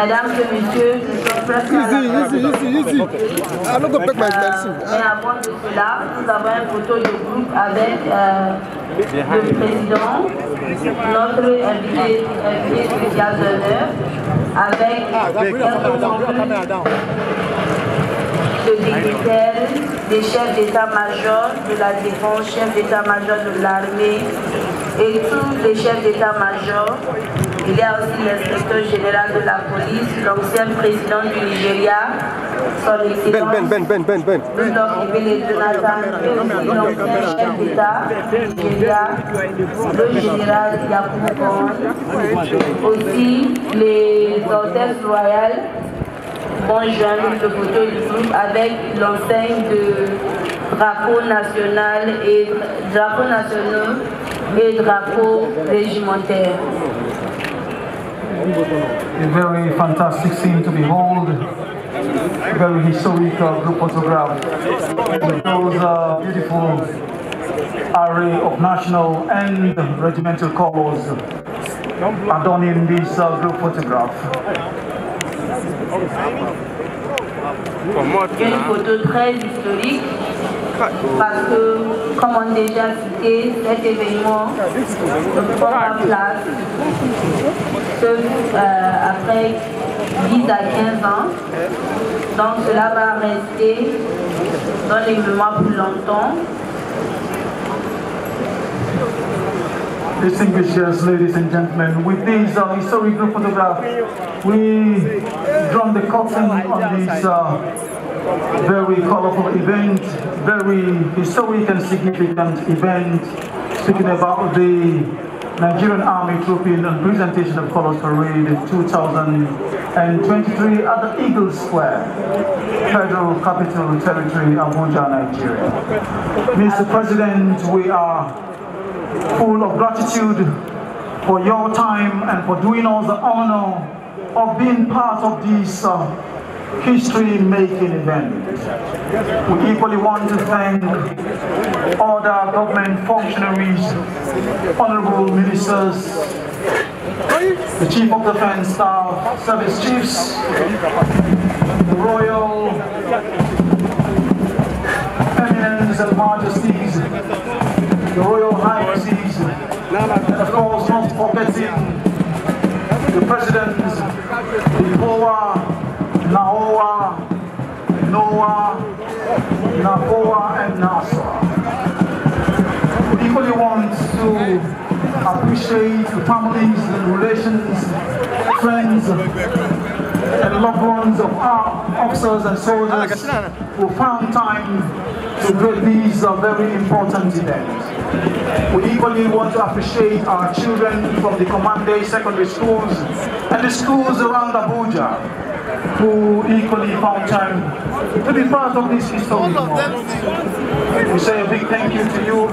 la Ici, Et avant de cela, nous avons un photo de groupe avec le président, notre invité, invité de d'honneur, avec le président le député, des chefs d'état-major de la défense, chefs d'état-major de l'armée et tous les chefs d'état-major il y a aussi l'inspecteur général de la police, l'ancien président du Nigeria, son excellence. Ben, ben, ben, ben, ben. ben. Le l'ancien chef d'État du Nigeria, le général Yacoub Aussi les hôtesses royales bonjour le photo du groupe avec l'enseigne de drapeau national et drapeau national et drapeau régimentaire. a very fantastic scene to behold, very historical group photograph those uh, beautiful array of national and regimental colors in this uh, group photograph. Une photo très historique parce que, comme on déjà cité, cet événement prend en place euh, après 10 à 15 ans. Donc cela va rester dans les mémoires plus longtemps. Distinguished ladies and gentlemen, with these uh, historical photographs, we drawn the curtain on this uh, very colorful event very historic and significant event speaking about the Nigerian Army Trooping and presentation of Colors Parade 2023 at the Eagle Square, Federal Capital Territory, Abuja, Nigeria. Mr. President, we are full of gratitude for your time and for doing us the honor of being part of this uh, history-making event. We equally want to thank all the government functionaries, honorable ministers, the Chief of Defence Staff, Service Chiefs, the Royal Eminence and Majesties, the Royal Highnesses, and of course not forgetting the Presidents, the POA, Nawa, Noah, Naboa, and Nasa. We equally want to appreciate the families and relations, friends, and loved ones of our uh, officers and soldiers who found time celebrate these uh, very important events. We equally want to appreciate our children from the Command Day secondary schools and the schools around Abuja who equally found time to be part of this historic moment. We say a big thank you to you,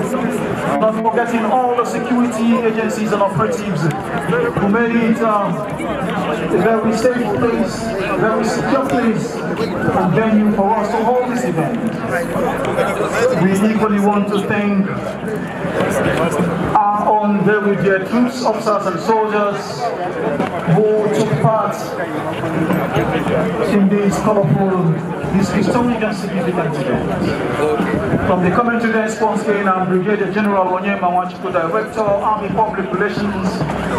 not forgetting all the security agencies and operatives who made it uh, a very safe place, a very secure place and venue for us to hold this event. We equally want to thank our own very troops, officers and soldiers who took part in this colorful, this historic and significant event. From the commentary response team, I'm Brigadier General Onyema Mawachiko, Director, Army Public Relations.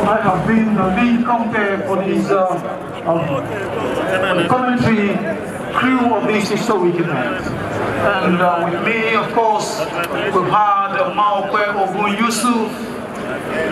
I have been the lead commentator for this uh, uh, commentary crew of this historic event. And uh, with me, of course, we've had Maokwe Ogun Yusuf,